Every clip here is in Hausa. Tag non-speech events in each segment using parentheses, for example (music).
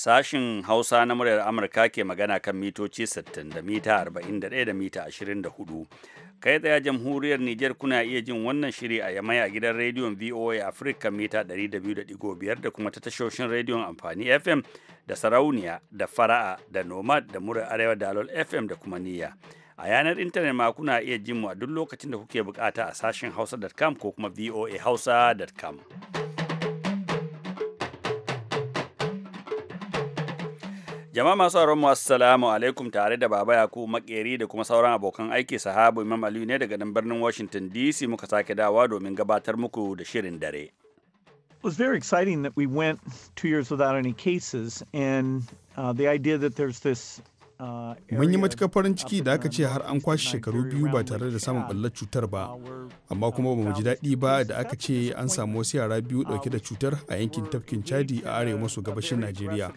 Sashin Hausa na muryar Amurka ke magana kan mitoci 60 da mita 41 da mita 24. Kai tsaye jamhuriyar niger kuna iya jin wannan shiri a yamai a gidan rediyon VOA Africa mita 200.5 da kuma ta tashoshin rediyon amfani FM da sarauniya da fara'a da nomad da murar arewa da alol FM da kuma niyya. A yanar intanet ma kuna iya jin mu a duk lokacin da kuke bukata a sashin hausa.com ko kuma voa hausa.com. Jama'a masu auren mu assalamu alaikum tare da Baba Yakubu Makeri da kuma sauran abokan aiki sahabu Imam Aliyu ne daga nan birnin Washington DC muka sake dawa domin gabatar muku da shirin dare. It was very exciting that we went two years without any cases and uh, the idea that there's this Uh, mun yi matuƙar farin ciki da aka ce har an kwashe shekaru biyu ba tare da samun ɓallar cutar ba uh, amma uh, kuma ba mu ji daɗi ba da aka ce an samu wasu yara biyu ɗauke da cutar a yankin tafkin chadi a arewa maso gabashin najeriya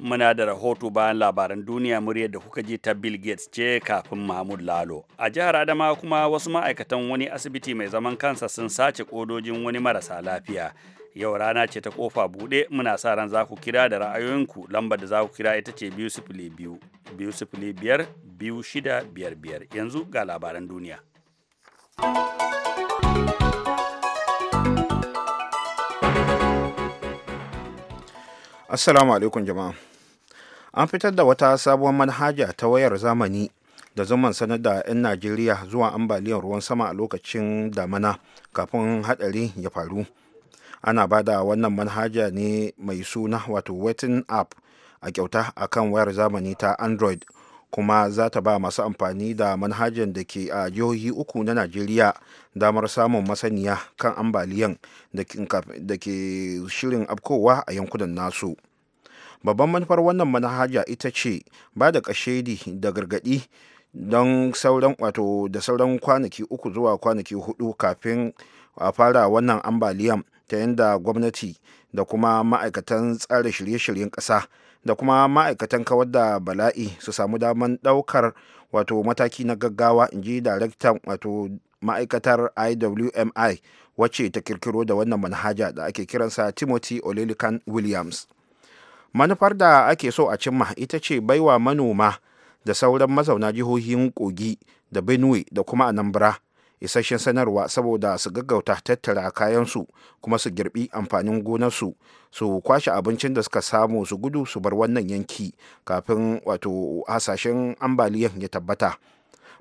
muna da rahoto bayan labaran duniya muryar da kuka ji ta bill gates ce kafin mahmud lalo a jihar adama kuma wasu ma'aikatan wani asibiti mai zaman kansa sun sace kodojin wani marasa lafiya yau rana ce ta kofa buɗe muna sa ran za ku kira da ra'ayoyinku lambar da za ku kira ita ce biyu sifili biyu biyu sifili biyar biyu shida biyar biyar yanzu ga labaran duniya assalamu alaikum jama'a an fitar da wata sabuwar manhaja ta wayar zamani da zaman sanar da 'yan najeriya zuwa ambaliyar ruwan sama a lokacin damana kafin hadari ya faru ana ba da wannan manhaja ne mai suna wato wetin app a kyauta a kan wayar zamani ta android kuma za ta ba masu amfani da manhajan da ke a jihohi uku na najeriya damar samun masaniya kan ambaliyan da ke shirin afkowa a yankunan nasu babban manufar wannan manhaja ita ce ba da kashedi da gargadi don sauran wato da sauran kwanaki uku zuwa kwanaki hudu kafin a fara wannan ambaliyan ta yadda gwamnati da kuma ma'aikatan tsara shirye-shiryen ƙasa da kuma ma'aikatan kawar da bala'i su samu daman ɗaukar wato mataki na gaggawa in ji daraktan wato ma'aikatar iwmi wacce ta kirkiro da wannan manhaja da ake kiransa timothy olelikan williams manufar da ake so a cimma ita ce baiwa manoma da sauran mazauna jihohin kogi da benue da kuma anambra isasshen sanarwa saboda su gaggauta tattara kayansu kuma su girbi amfanin gonarsu su kwashe abincin da suka samu su gudu su bar wannan yanki kafin wato hasashen ambaliyan ya tabbata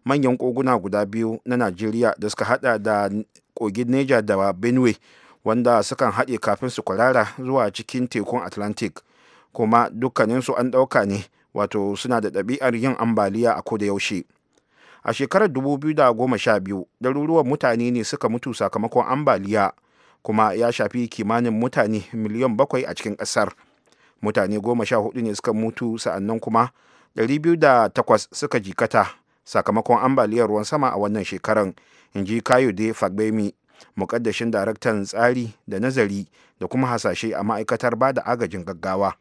manyan koguna guda biyu na najeriya da suka hada da kogin neja da benue wanda sukan haɗe kafin su kwarara zuwa cikin tekun atlantic kuma dukkaninsu an ɗauka ne wato suna da ɗabi'ar yin ambaliya a koda yaushe a shekarar 2012 ɗaruruwan mutane ne suka mutu sakamakon ambaliya kuma ya shafi kimanin mutane miliyan bakwai a cikin ƙasar mutane goma sha hudu ne suka mutu sa'annan kuma 208 suka jikata sakamakon ambaliyar ruwan sama a wannan shekaran in ji kayo de fagbemi mukaddashin daraktan tsari da nazari da kuma hasashe a ma'aikatar ba da agajin gaggawa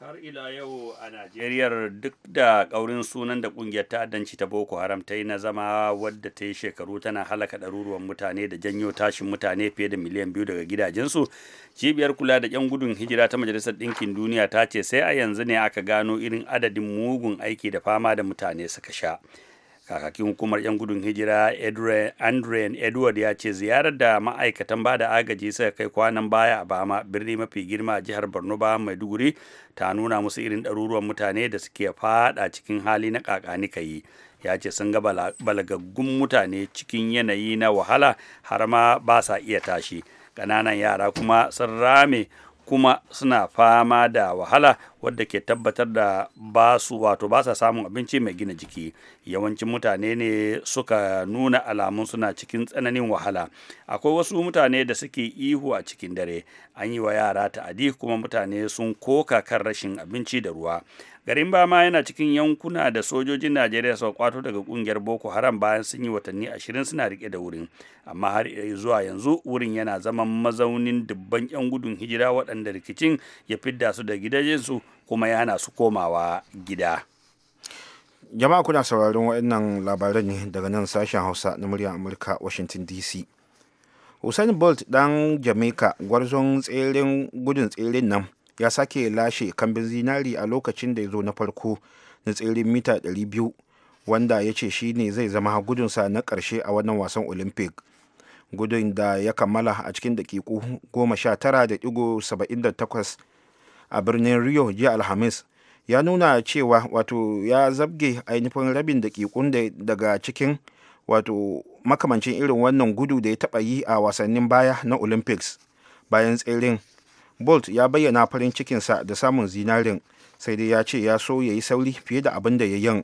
har ila yau a najeriya duk da ƙaurin sunan da ƙungiyar ta'addanci ta boko haram ta yi na zama wadda ta yi shekaru tana halaka ɗaruruwan mutane da janyo tashin mutane fiye da miliyan biyu daga gidajensu cibiyar kula da 'yan gudun hijira ta majalisar ɗinkin duniya ta ce sai a yanzu ne aka gano irin adadin mugun aiki da fama da mutane suka sha kakakin hukumar 'yan gudun hijira andrean edward ya ce ziyarar da ma'aikatan ba da agaji suka kai kwanan baya a bama birni mafi girma a jihar borno ba maiduguri ta nuna musu irin ɗaruruwan mutane da suke fada cikin hali na kakani kayi ya ce sun ga balagaggun mutane cikin yanayi na wahala har ma ba sa iya tashi ƙananan yara kuma sun rame kuma suna fama da wahala wadda ke tabbatar da ba su wato ba sa samun abinci mai gina jiki yawancin mutane ne suka nuna alamun suna cikin tsananin wahala akwai wasu mutane da suke ihu a cikin dare an yi wa yara ta'adi kuma mutane sun koka kan rashin abinci da ruwa garin bama yana cikin yankuna da sojojin najeriya suka kwato daga kungiyar boko haram bayan sun yi watanni ashirin suna rike da wurin amma har zuwa yanzu wurin yana zaman mazaunin dubban yan gudun hijira waɗanda rikicin ya fidda su da gidajensu kuma yana su komawa gida jama'a kuna sauraron waɗannan labaran ne daga nan sashen hausa na muryar amurka washington dc usain bolt dan jamaica gwarzon tseren gudun tseren nan ya sake lashe kambin zinari a lokacin da ya zo na farko na tserin mita 200 wanda ya ce shi ne zai zama gudunsa na ƙarshe a wannan wasan olympic gudun da ya kammala a cikin dakiku 19.78 a birnin rio jiya alhamis ya nuna cewa wato ya zabge ainihin rabin dakikun daga cikin wato makamancin irin wannan gudu da ya taɓa yi a wasannin baya na olympics bayan tseren bolt ya bayyana farin cikinsa da samun zinarin sai dai ya ce ya so ya yi sauri fiye da abin da ya yin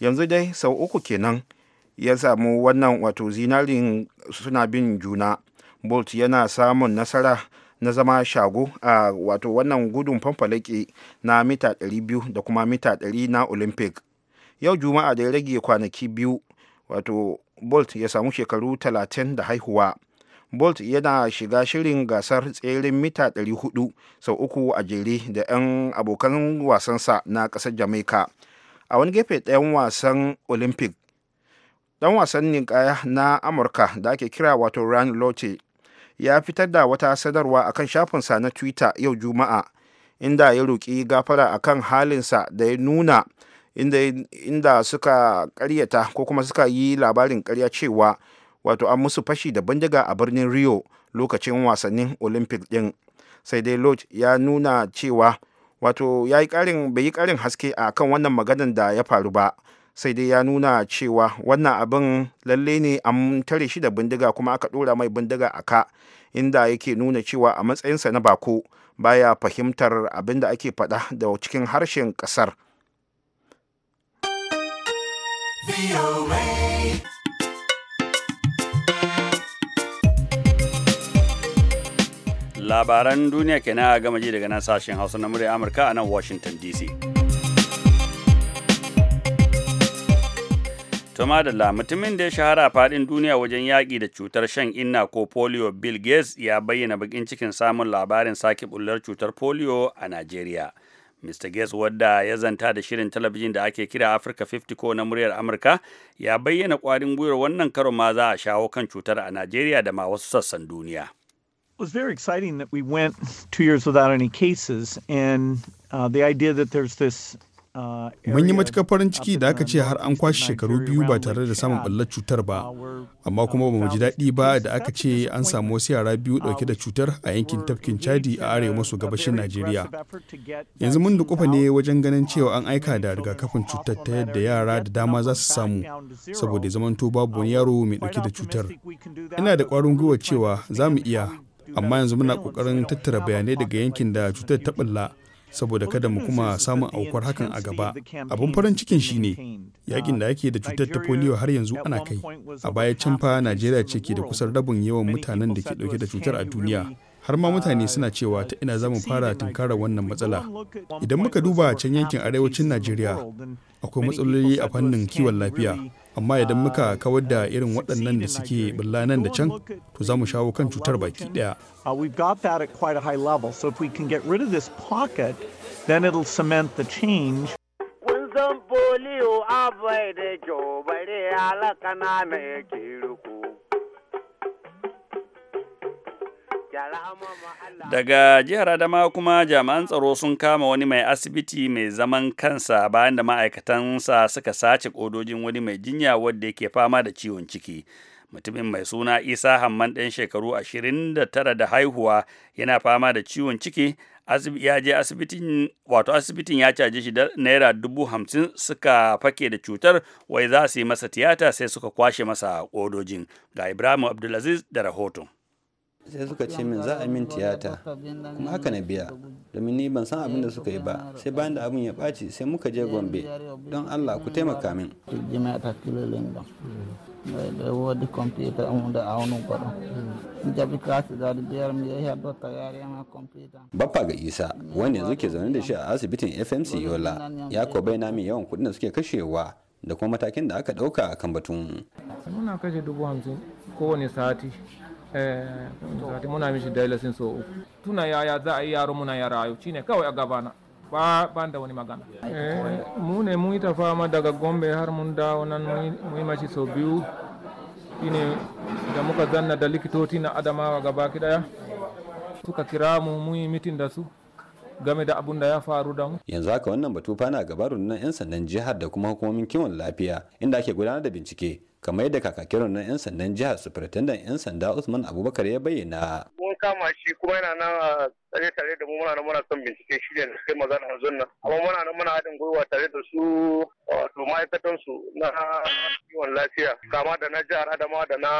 yanzu dai sau uku kenan ya samu wannan wato zinarin suna bin juna bolt yana samun nasara na zama shago a wato wannan gudun fanfalake na mita 200 da kuma mita 100 na olympic yau juma'a da ya rage kwanaki biyu wato bolt ya samu shekaru 30 da haihuwa bolt yana shiga shirin gasar tseren mita 400 sau uku a jere da 'yan abokan wasansa na ƙasar jamaika a wani gefe ɗayan wasan olympic ɗan wasan ninkaya na amurka da ake kira wato ryan lotte ya fitar da wata sadarwa akan shafinsa na twitter yau juma'a inda ya roƙi gafara a kan halinsa da ya nuna inda, inda suka ƙaryata ko kuma suka yi labarin ƙarya cewa wato an musu fashi da bindiga a birnin rio lokacin wasannin olympic din sai dai lodge ya nuna cewa wato ya yi karin bai yi karin haske a kan wannan maganan da ya faru ba sai dai ya nuna cewa wannan abin lalle ne an tare shi da bindiga kuma aka dora mai bindiga a ka inda yake nuna cewa a matsayinsa na bako baya fahimtar abin da ake faɗa da cikin harshen ƙasar. labaran duniya kenan a gama ji daga nan sashen hausa na murya amurka a nan washington dc Tuma da mutumin da ya shahara faɗin duniya wajen yaƙi da cutar shan inna ko polio Bill Gates ya bayyana bakin cikin samun labarin sake bullar cutar polio a Nigeria. Mr. Gates wadda ya zanta da shirin talabijin da ake kira Africa 50 ko na muryar Amurka ya bayyana ƙwarin gwiwar wannan karo ma za a shawo kan cutar a Najeriya da ma wasu sassan duniya. was very exciting that we went two years without any cases and uh, the idea that there's this uh, Mun yi matuƙar farin ciki da aka ce har an kwashe shekaru biyu ba tare da samun ɓallar cutar ba, uh, amma kuma ba mu ji daɗi ba da aka ce an samu wasu yara biyu uh, ɗauke da cutar a yankin tafkin Chadi a arewa maso gabashin Najeriya. Yanzu mun dukufa ne wajen ganin cewa an aika da rigakafin cutar ta yadda yara da dama za su samu, saboda zamanto babu wani yaro mai ɗauke da cutar. Ina da ƙwarin gwiwa cewa za mu iya amma yanzu muna kokarin tattara bayanai daga yankin da cutar ta ɓulla saboda kada mu kuma samun aukuwar hakan a gaba abun farin cikin shine yakin da ake da cutar ta polio har yanzu ana kai a baya can fa najeriya ce ke da kusan rabin yawan mutanen da ke dauke da cutar a duniya har ma mutane suna cewa ta ina zamu fara tunkara wannan matsala idan muka duba can yankin arewacin najeriya akwai matsaloli a fannin kiwon lafiya amma idan muka kawar da irin waɗannan da suke bulla nan da can to za mu shawo kan cutar baki ɗaya uh, Wanzan foliyo abai da jo bare alaka na mai kiruku Daga jihar Adama kuma jami'an tsaro sun kama wani mai asibiti mai zaman kansa bayan da ma'aikatansa suka sace kodojin wani mai jinya wadda yake fama da ciwon ciki. Mutumin mai suna Isa Hamman ɗan shekaru 29 da haihuwa yana fama da ciwon ciki ya je asibitin wato asibitin ya caje shi naira dubu hamsin suka fake da cutar wai za su yi masa tiyata sai suka kwashe masa kodojin ga Ibrahim Abdulaziz da rahoton. sai suka ce min za a min tiyata kuma haka na biya domin ni ban san abin da suka yi ba sai bayan da abin ya ɓaci sai muka je gombe don allah ku taimaka min Baffa ga Isa wanda yanzu ke zaune da shi a asibitin FMC Yola ya ko bayyana min yawan kudin da suke kashewa da kuma matakin da aka ɗauka kan batun. Muna kashe dubu hamsin kowane sati zati eh, muna mishi dailasin so uku tuna yaya za a yi yaro muna ya rayu, shine kawai a gabana ba ban da wani magana eh, mu ne mun yi ta fama daga gombe har mun dawo nan mun yi mashi so biyu shine da muka zanna da likitoci na adamawa gaba daya suka kira mu mun yi mitin da su game da abun da ya faru da mu. Yanzu haka wannan batu fana gabarun nan 'yan sandan jihar da kuma hukumomin kiwon lafiya inda ake gudanar da bincike kamar yadda kakakin na 'yan sandan jihar superintendent 'yan sanda usman abubakar ya bayyana mun kama shi kuma yana nan a tsare tare da mu muna nan muna son bincike shi da kai magana yanzu nan amma muna nan muna haɗin gwiwa tare da su wato ma'aikatan su na kiwon lafiya kama da na jihar adama da na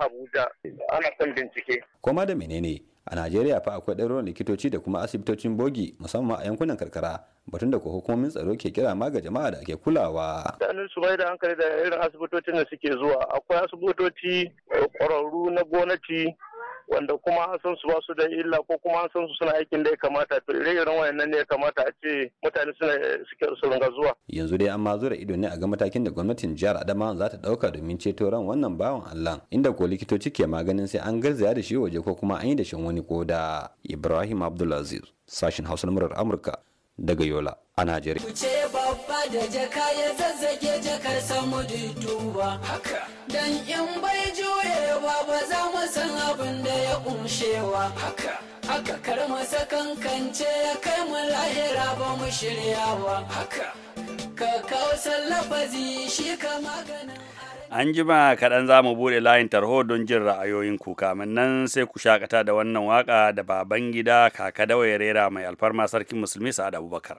abuja ana son bincike kuma da menene a najeriya fa akwai ɗaruruwan likitoci da kuma asibitocin bogi musamman a yankunan karkara batun da hukumomin tsaro ke kira ma ga jama'a da ake kulawa. tsanin su bai da hankali da irin asibitocin da suke zuwa akwai asibitoci ƙwararru na gwamnati wanda kuma an san su ba su da illa ko kuma an san su suna aikin da ya kamata to ire-iren wayannan ne ya kamata a ce mutane suna suke su ringa zuwa yanzu dai an ma zura ido ne a ga matakin da gwamnatin jihar Adama za ta dauka domin ceto ran wannan bawan Allah inda ko likitoci ke maganin sai an garzaya da shi waje ko kuma an yi da shin wani koda Ibrahim Abdulaziz sashin Hausa na Amurka daga Yola a Najeriya. Kuce babba da jaka ya zazzage jakar samu duba. Haka. Dan in bai juyewa ba za mu san abin da ya kumshewa. Haka. Haka kar mu sakankance ya kai mu lahira ba mu shiryawa. Haka. Ka kawo sallafazi shi ka magana. An jima kaɗan za mu buɗe layin tarho don jin ra'ayoyin ku kamin nan sai ku shakata da wannan waka da baban gida kaka dawaye rera mai alfarma sarkin musulmi Sa'ad Abubakar.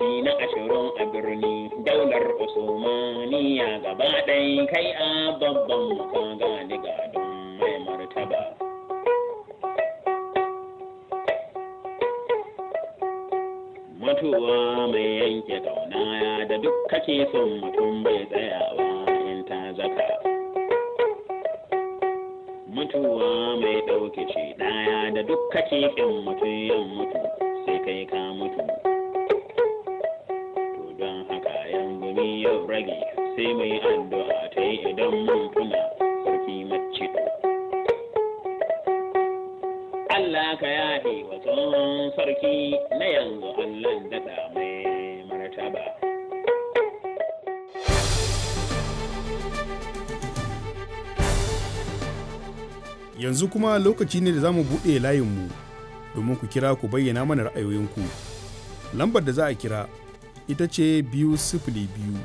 mataki na ashirin a birni daular usmaniya gaba ɗai kai a babban muka gani gadon mai martaba mutuwa mai yanke ya da duk kake son mutum bai tsayawa in ta zaka mutuwa mai ɗauke shi ɗaya da duk kake kin mutum yin mutu sai kai ka mutu na yanzu Allah daɗa mai ba. Yanzu kuma lokaci ne da za mu buɗe layinmu domin ku kira ku bayyana mana ra'ayoyinku. Lambar da za a kira ita ce biyu sifili biyu,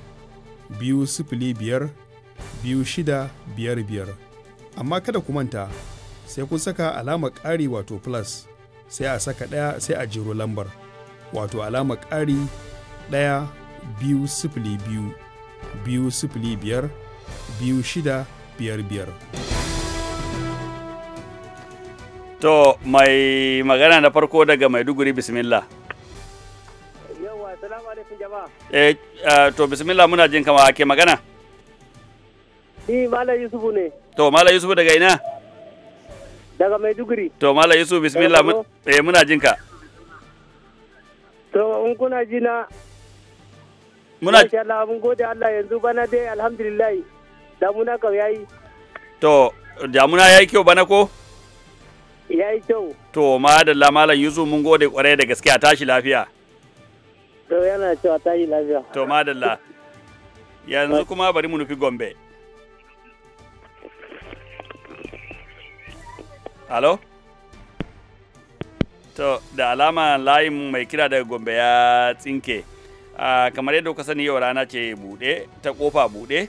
biyu sifili biyar, biyu shida biyar biyar. Amma kada ku manta sai kun saka alamar ƙari wato plus. sai a saka ɗaya sai a jiro lambar wato alama ƙari ɗaya biyu sifili biyu biyu sifili biyar biyu shida biyar biyar. To mai magana na farko daga Maiduguri bismillah. Yawa, salamu alaikum jama'a. Eh, uh, to bismillah muna jin kama ake magana? Ni Malam Yusufu ne. To Malam Yusufu daga ina? Daga Maiduguri. To Malam Yusuf bismillah eh muna jin ka. To in kuna ji na Muna Insha Allah mun gode Allah yanzu bana dai alhamdulillah damuna ka yayi. To damuna yayi kyau bana ko? Yayi kyau. To madalla Malam Yusuf mun gode kwarai da a tashi lafiya. To yana cewa tashi lafiya. To madalla. Yanzu kuma bari mu nufi Gombe. Alo? To, da alama layin mai kira daga Gombe ya tsinke. Uh, kamar yadda kuka sani yau rana ce buɗe, ta ƙofa buɗe,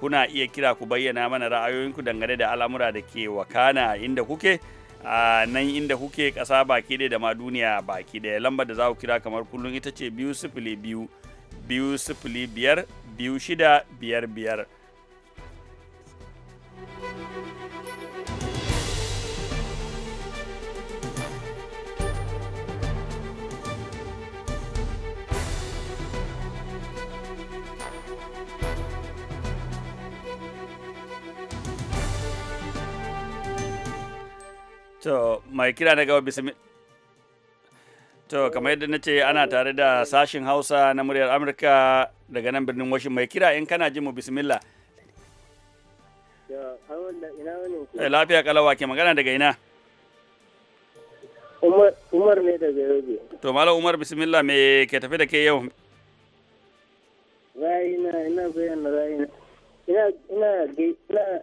kuna iya kira ku bayyana mana ra'ayoyinku dangane da al'amura da ke wakana inda kuke, a uh, nan inda kuke ƙasa baki ɗaya da ma duniya baki ɗaya. Lambar da za ku kira kamar kullum ita ce biyu sifili biyu, biyu sifili biyar, biyu shida biyar biyar. To, mai kira na gaba bismi. To, kamar yadda na ce ana tare da sashin Hausa na muryar Amurka daga nan birnin Washin. Mai kira in kana jin mu bismillah. Eh, lafiya kalawa ke magana daga ina? Umar ne daga Yobe. To, Malam Umar bismillah me ke tafi da ke yau? Rayina, ina bayyana rayina. Ina, ina, ina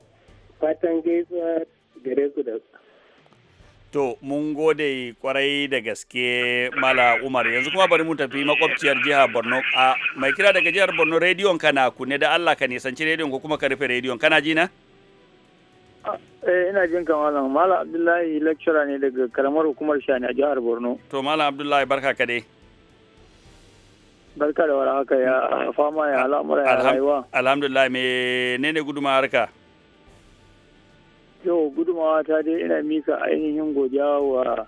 fatan gaisuwa gare ku da To, mun gode kwarai da gaske Mala Umar. Yanzu kuma bari mu tafi makwabciyar jihar Borno. A mai kira daga jihar Borno rediyon kana kunne da Allah ka nisanci rediyon ko kuma ka rufe rediyon. Kana ji na? Eh, ina jin ka Malam. Malam Abdullahi lecturer ne daga karamar hukumar Shani a jihar Borno. To, Mala Abdullahi barka ka dai. Barka da warhaka ya fama ya al'amura ya rayuwa. Alhamdulillah me ne ne gudumar harka? gudumawa ta dai ina mika ainihin godiya wa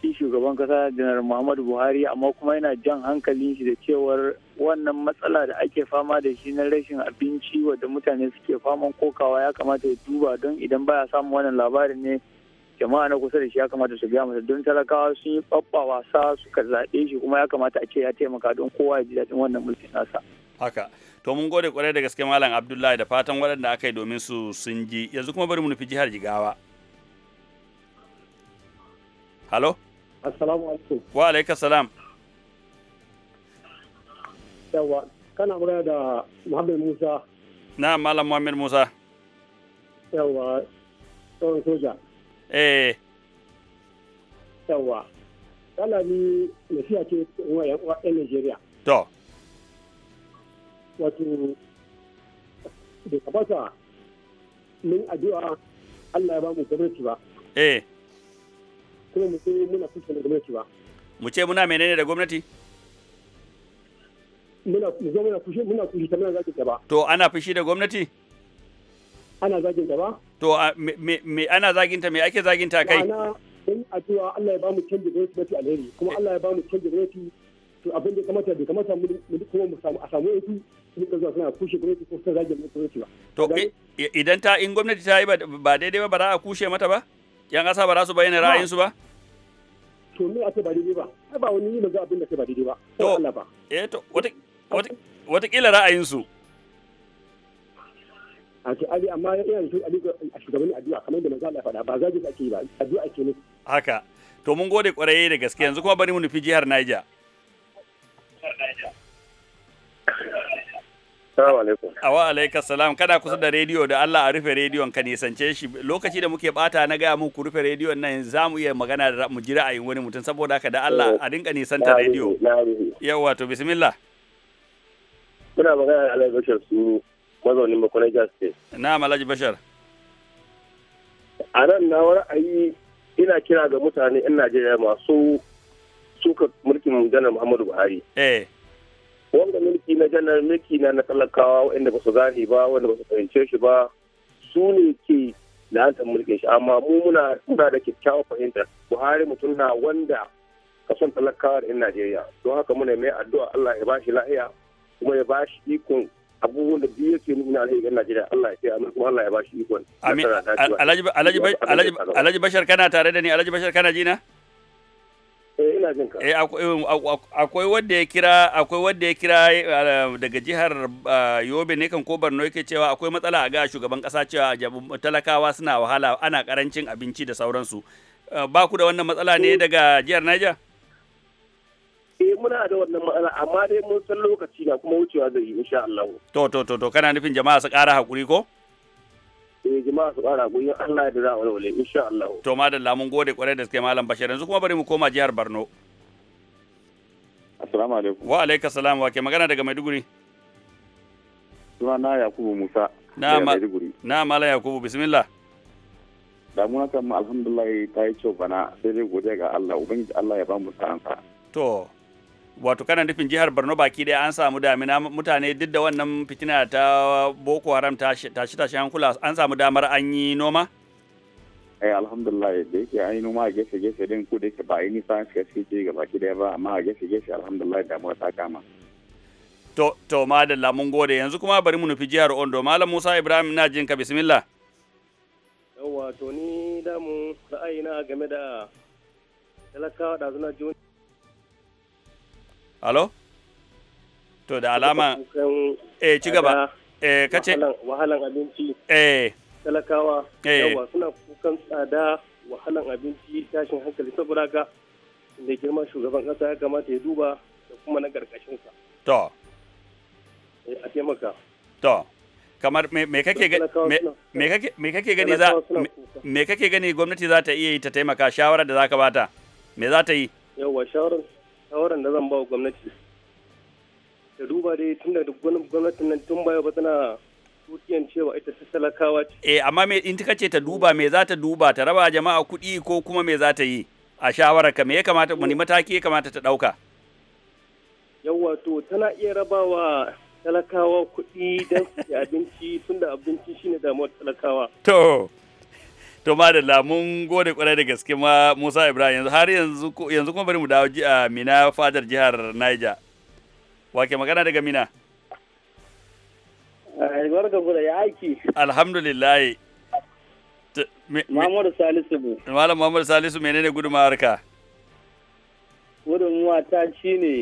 shi shugaban kasa janar muhammadu buhari amma kuma yana jan hankalin shi da cewar wannan matsala da ake fama da shi na rashin abinci wadda mutane suke faman kokawa ya kamata ya duba don idan baya samun wannan labarin ne jama'a na kusa da shi ya kamata su biya masa don talakawa sun yi babba wasa suka zaɓe shi kuma ya kamata a ce ya taimaka don kowa ya ji daɗin wannan mulkin nasa. to mun gode kwarai da gaske malam abdullahi da fatan waɗanda aka yi domin su sun ji yanzu kuma bari mu nufi jihar jigawa halo assalamu alaikum wa alaika salam yawa kana mura da muhammad musa na malam muhammad musa yawa tsohon soja eh yawa kala ni mafiya ce wa yan Nigeria. to wato da kamata min addu'a Allah ya ba mu gwamnati ba. Eh. Kuma mu ce muna kusa da gwamnati ba. Mu ce muna menene da gwamnati? Muna zo muna fushi muna fushi ta muna zagin gaba. To ana fushi da gwamnati? Ana zagin gaba. To me ana zaginta me ake zaginta kai? Ma'ana in addu'a Allah ya ba mu canji gwamnati alheri kuma eh. Allah ya ba mu canji gwamnati to abin da kamata bai kamata mu duk kuma mu samu a samu yanzu sun ka zuwa suna kushe gwamnati ko suna zage gwamnati ba to eh, idan ta in gwamnati ta yi ba daidai ba ba za a kushe mata ba yan kasa ba za su bayyana ra'ayinsu ba to ni a ce ba daidai ba ai ba wani ba za abin da ke ba daidai ba to eh to wata wata wata kila ra'ayinsu a ce ali amma ya yana da a shugabanni addu'a kamar da manzo Allah faɗa ba zagi ake yi ba addu'a ke ne haka to mun gode kwarai da gaske yanzu kuma bari mu nufi jihar Niger Awa alaikar salam kana kusa da rediyo da Allah a rufe rediyon ka nisance shi lokaci da muke bata na gaya muku rufe rediyon nan za mu iya magana da mu ji ra'ayin wani mutum saboda haka da Allah a dinga nisanta rediyo. Yawwa to bismillah. Muna magana da Alhaji Bashar su mazaunin Makonai Gas State. Na Alhaji Bashar. A nan na ra'ayi ina kira ga mutane 'yan Najeriya masu suka mulkin janar muhammadu buhari eh. wanda mulki na janar mulki na na talakawa wanda ba su gane ba wanda ba su fahimce shi ba su ne ke la'antar mulkin shi amma mu muna muna da kyakkyawar fahimta buhari mutum na wanda kason talakawa da 'yan najeriya don haka muna mai addu'a allah ya bashi lahiya kuma ya bashi ikon abubuwan da biyu yake nuna alheri ga najeriya allah ya fiya kuma allah ya bashi ikon alhaji bashar kana tare da ni alhaji bashar kana jina Eh, eh, akwai wanda ya kira akwai wanda ya kira eh, daga jihar Yobe ne kan ko Borno yake cewa akwai matsala a ga shugaban kasa cewa talakawa suna wahala ana karancin abinci da sauransu ba ku da wannan matsala ne daga jihar Niger eh muna da wannan matsala amma dai mun san lokaci na kuma wucewa zai yi insha Allah to to to to kana nufin jama'a su ƙara hakuri ko eh jama'a su ƙara goyon Allah da za wani walwale insha Allah to madalla mun gode kwarai da suke malam Bashir yanzu kuma bari mu koma jihar Borno Assalamu alaikum wa alaikum salam wa ke magana daga Maiduguri na Yakubu Musa na Maiduguri na mala Yakubu bismillah damuna kan mu alhamdulillah ta yi kyau bana sai dai godiya ga Allah ubangiji Allah ya ba mu sa'ansa to wato kana nufin jihar borno baki daya an samu damina mutane duk da wannan fitina ta boko haram tashi tashi hankula an samu damar an yi noma ai eh, alhamdulillah da yake an yi noma a gefe gefe din ku da yake ba yi nisa suka ce ciki ga baki daya ba amma a gefe gefe alhamdulillah damuwa ta kama to to madalla mun gode yanzu kuma bari mu nufi jihar ondo malam musa ibrahim na jinka bismillah yawa to ni da mu ra'ayina game da talakawa da zuna juni Alo? To da alama eh ci gaba. Eh kace wahalan abinci. Eh talakawa eh suna kukan tsada wahalan abinci tashin hankali saboda ga da girman shugaban kasa ya kamata ya duba da kuma na karkashinsa. To. eh A taimaka. To. kamar me kake gani za me kake gani gwamnati za ta iya yi ta taimaka shawara da zaka bata me za ta yi yawa shawarar shawarar da zan ba wa gwamnati da duba dai tun da gwamnatin nan tun baya ba tana tukiyan cewa ita ta talakawa ce. Eh amma me in kace ta duba me za ta duba ta raba jama'a kuɗi ko kuma me za ta yi a shawarar ka me ya kamata wani mataki ya kamata ta ɗauka? Yawwa to tana iya rabawa talakawa kuɗi don su abinci tunda abinci shine damuwar talakawa. To. to madalla mun gode kwarai da gaske ma Musa Ibrahim yanzu har yanzu yanzu kuma bari mu dawo a ah, Mina fadar jihar Niger wake magana daga Mina eh, Barka ya aiki Alhamdulillah Muhammadu Salisu ne Malam Muhammadu Salisu menene gudunmawar ka Gudunmawa ta ne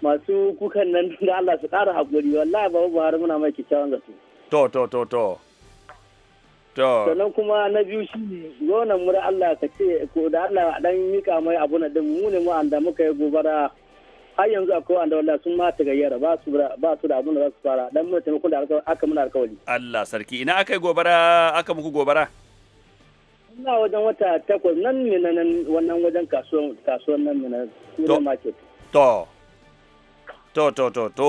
masu kukan nan (laughs) da Allah su ƙara haƙuri wallahi babu Buhari muna mai kyakkyawan zato To to to to sannan kuma na biyu shi zonan mu da Allah ka ce ko da Allah dan mika mai abu na din mu ne mu anda muka yi gobara har yanzu akwai wanda wallah sun ma ta gayyara ba su ba su da abun da za su fara dan mu kun da aka muna alkawari Allah sarki ina aka yi gobara aka muku gobara ina wajen wata takwas nan ne nan wannan wajen kasuwan kasuwan nan ne na market to to to to to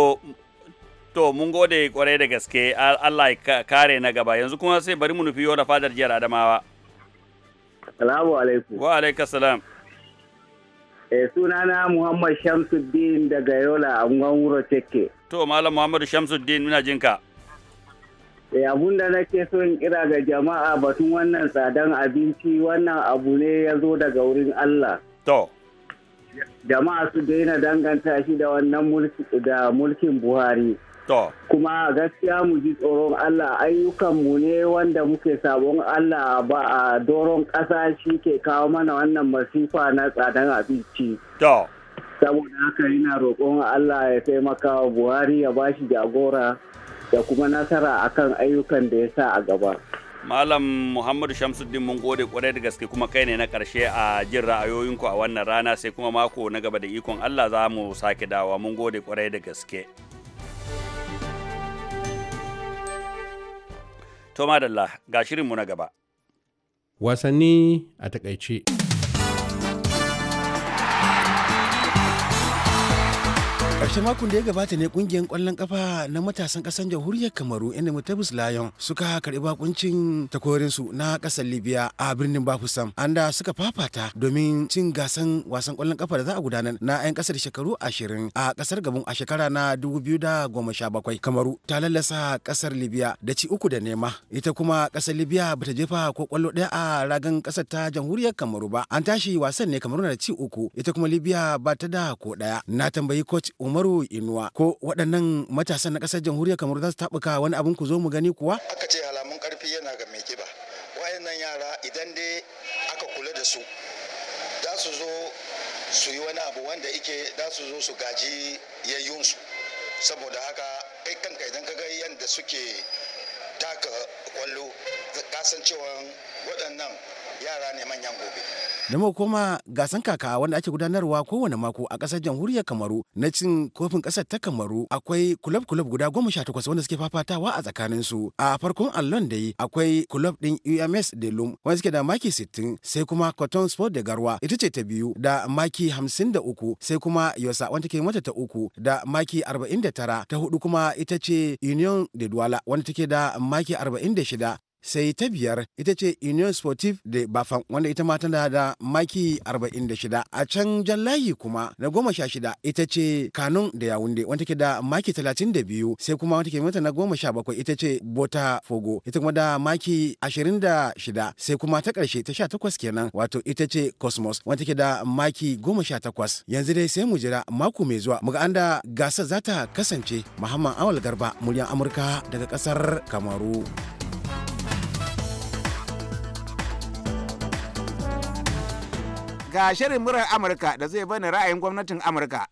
To mun gode kwarai da gaske Allah ya kare na gaba yanzu kuma sai bari mu nufi da fadar jiyar Adamawa. Salamu alaikum. Wa alaikum salam. Eh sunana Muhammad Shamsuddin daga Yola Angon Wuro Tekke. To Malam Muhammad Shamsuddin muna jinka. Eh abun da nake so in kira ga jama'a batun wannan tsadan abinci wannan abu ne ya zo daga wurin Allah. To. Jama'a su daina danganta shi da wannan da mulkin Buhari. Kuma gaskiya mu ji tsoron Allah ayyukanmu ne wanda muke sabon Allah ba a doron ƙasa shi ke kawo mana wannan masifa na tsadan abinci. Saboda haka yana roƙon Allah ya taimaka wa Buhari ya bashi jagora da kuma nasara a kan ayyukan da ya sa a gaba. Malam Muhammadu Shamsuddin mun gode kwarai da gaske kuma kai ne na karshe a jin ra'ayoyinku a wannan rana sai kuma mako na gaba da ikon Allah za mu sake dawa mun gode kwarai da gaske. to madalla ga shirinmu na gaba wasanni a takaice ƙarshen makon da ya gabata ne kungiyar kwallon kafa na matasan kasar jamhuriyar kamaru inda mutabus lion suka karbi bakuncin takorinsu na kasar libya a birnin bafusam da suka fafata domin cin gasan wasan kwallon kafa da za a gudanar na 'yan kasar shekaru ashirin a kasar gabon a shekara na da bakwai. kamaru ta lallasa kasar libya da ci uku da nema ita kuma kasar libya bata jefa ko kwallo daya a ragan kasar ta jamhuriyar kamaru ba an tashi wasan ne kamaru na da ci uku ita kuma libya ba ta da ko daya na tambayi coach umar Umaru Inuwa ko waɗannan matasan na ƙasar jamhuriyar kamar za su taɓuka wani abin ku zo mu gani kuwa? Aka ce halamun ƙarfi yana ga mai ƙiba Wayannan yara idan dai aka kula da su za su zo su yi wani abu wanda ike za su zo su gaji yayyunsu. Saboda haka kai kanka idan ka ga yadda suke taka kwallo kasan cewa waɗannan yara ne manyan gobe. Da mu koma gasan kaka wanda ake gudanarwa kowane mako a ƙasar jamhuriyar Kamaru na cin kofin ƙasar ta Kamaru akwai kulab kulab guda goma sha takwas wanda suke fafatawa a tsakanin su. A farkon allon dai akwai kulab ɗin UMS de Lum wanda suke da maki sittin sai kuma Cotton Sport da Garwa ita ce ta biyu da maki hamsin da uku sai kuma Yosa wanda ke mata ta uku da maki arba'in da tara ta hudu kuma ita ce Union de Douala wanda take da maki arba'in da shida sai ta biyar ita ce union sportive de bafan wanda ita ma tana da maki 46 a can jallayi kuma na goma sha shida ita ce kanun da yawunde wanda ke da maki 32 sai kuma wanda ke mata na goma sha bakwai ita ce bota fogo ita kuma da maki 26 sai kuma ta ƙarshe ta sha takwas kenan wato ita ce cosmos wanda ke da maki goma sha takwas yanzu dai sai mu jira mako mai zuwa muga an da gasar za ta kasance muhammad awal garba muryan amurka daga ƙasar kamaru. ga shirin murar Amurka da zai bani ra'ayin gwamnatin Amurka.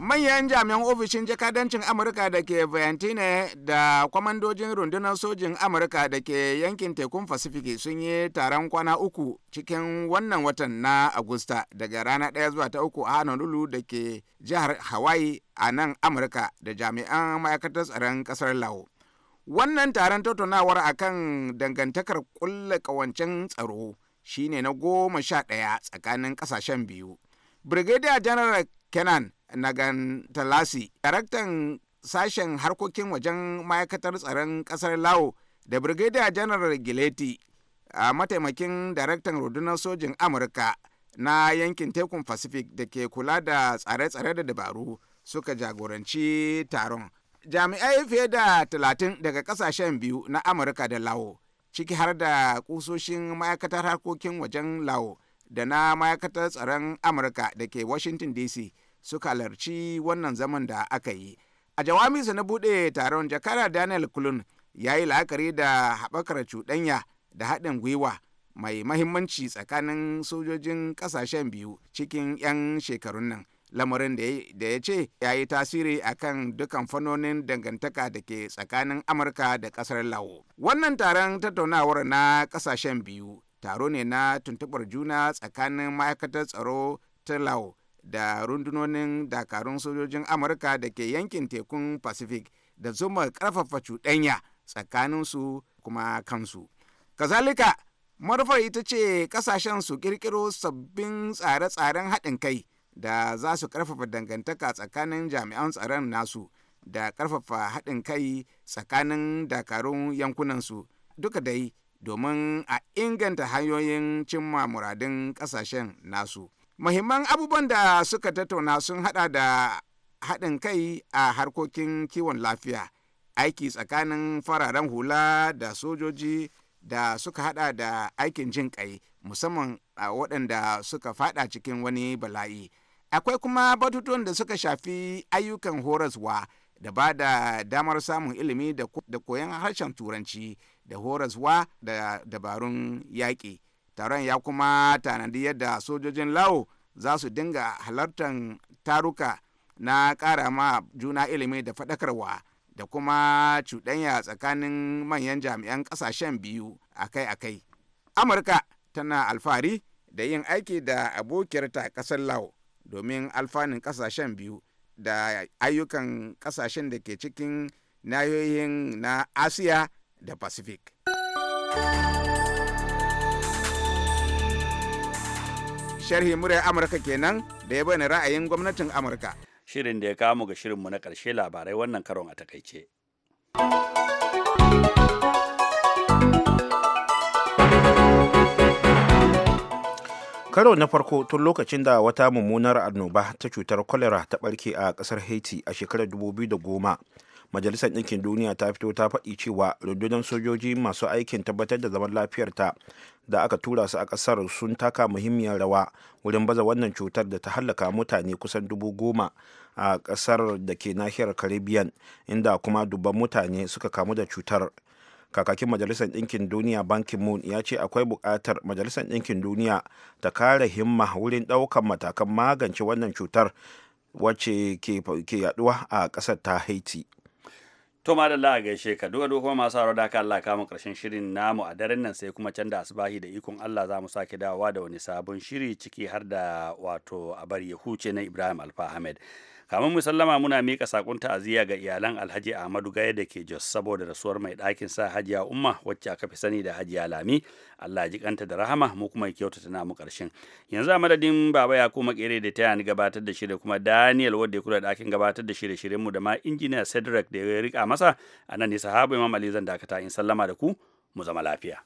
Manyan jami'an ofishin jakadancin Amurka da ke Ventine da kwamandojin rundunar sojin Amurka da ke yankin tekun Pacific sun yi taron kwana uku cikin wannan watan na Agusta daga rana ɗaya zuwa ta uku a Honolulu da ke jihar Hawaii a nan Amurka da jami'an ma'aikatar tsaron ƙasar lawo Wannan taron tattaunawar a kan dangantakar ƙulla ƙawancen tsaro shine na goma sha ɗaya tsakanin ƙasashen biyu. Brigadier General Kenan Nagantalasi, daraktan sashen harkokin wajen ma'aikatar tsaron ƙasar lawo da Brigadier General Gileti, a mataimakin daraktan rundunar sojin Amurka na yankin tekun Pacific da ke kula da tsare-tsare da dabaru suka jagoranci taron. jami'ai fiye da talatin daga kasashen biyu na amurka da lawo ciki har da kusoshin ma'aikatar harkokin wajen lawo da na ma'aikatar tsaron amurka da ke washington dc suka halarci wannan zaman da aka yi a jawabinsa na bude taron jakara daniel kulun ya yi la'akari da haɓakar cuɗanya da haɗin gwiwa mai mahimmanci tsakanin sojojin ƙasashen biyu cikin 'yan shekarun nan lamarin da ya ce ya yi tasiri a kan dukan fanonin dangantaka da ke tsakanin amurka da kasar lawo wannan taron tattaunawar na kasashen biyu taro ne na tuntubar juna tsakanin ma'aikatar tsaro ta lawo da rundunonin dakarun sojojin amurka da ke yankin tekun pacific da zuma karfafa cuɗanya tsakanin su kuma kansu kazalika manufar ita ce kasashen su kirkiro sabbin tsare-tsaren haɗin kai da za su karfafa dangantaka tsakanin jami'an tsaron nasu da karfafa haɗin kai tsakanin dakarun yankunansu duka dai domin a inganta hanyoyin cimma muradin ƙasashen nasu mahimman abubuwan da suka tattauna sun hada da haɗin kai a harkokin kiwon lafiya aiki tsakanin fararen hula da sojoji da suka hada da aikin jin kai musamman a waɗanda suka fada cikin wani bala'i akwai kuma batutuwan da suka shafi ayyukan horaswa da ba da damar samun ilimi da koyon harshen turanci da horaswa da dabarun yaƙi taron ya kuma tanadi yadda sojojin lao za su dinga halartar taruka na ƙara ma juna ilimi da faɗakarwa da kuma cuɗanya tsakanin manyan jami'an ƙasashen biyu akai-akai amurka tana alfahari da yin aiki da abokiyar ta ƙasar lao domin alfanun kasashen biyu da ayyukan kasashen da ke cikin nahiyoyin na asiya da pacific sharhi murya amurka kenan da ya bani ra'ayin gwamnatin amurka shirin da ya kawo mu ga shirinmu na ƙarshe labarai wannan karon a takaice. karo na farko tun lokacin da wata mummunar annoba ta cutar kwalera ta barke a kasar haiti a shekarar 2010 majalisar ɗinkin duniya ta fito ta faɗi cewa rundunar sojoji masu aikin tabbatar da zaman lafiyarta da aka tura su a ƙasar sun taka muhimmiyar rawa wurin baza wannan cutar da ta hallaka mutane kusan dubu goma a ƙasar da ke nahiyar caribbean inda kuma dubban mutane suka kamu da cutar kakakin majalisar ɗinkin duniya bankin moon ya ce akwai buƙatar majalisar ɗinkin duniya ta kare himma wurin ɗaukar matakan magance wannan cutar wacce ke yaduwa a ƙasar ta haiti to ma da ga gaishe ka duka duka masu aro da Allah kama karshen shirin namu a daren nan sai kuma can da asibahi da ikon Allah za mu sake dawowa da wani sabon shiri ciki har da wato a bari ya huce na Ibrahim Alfa Ahmed kamin mu sallama muna mika sakon ta'aziyya ga iyalan alhaji ahmadu gaya da ke jos saboda rasuwar mai ɗakin sa hajiya umma wacce aka fi sani da hajiya lami allah ji kanta da rahama mu kuma kyautata namu ƙarshen yanzu a madadin baba ya kuma ƙere da ta ni gabatar da shirya kuma daniel wadda ya kula da ɗakin gabatar da shirye shiryen mu da ma injiniya cedric da ya rika masa a nan ne sahabu imam ali zan dakata in sallama da ku mu zama lafiya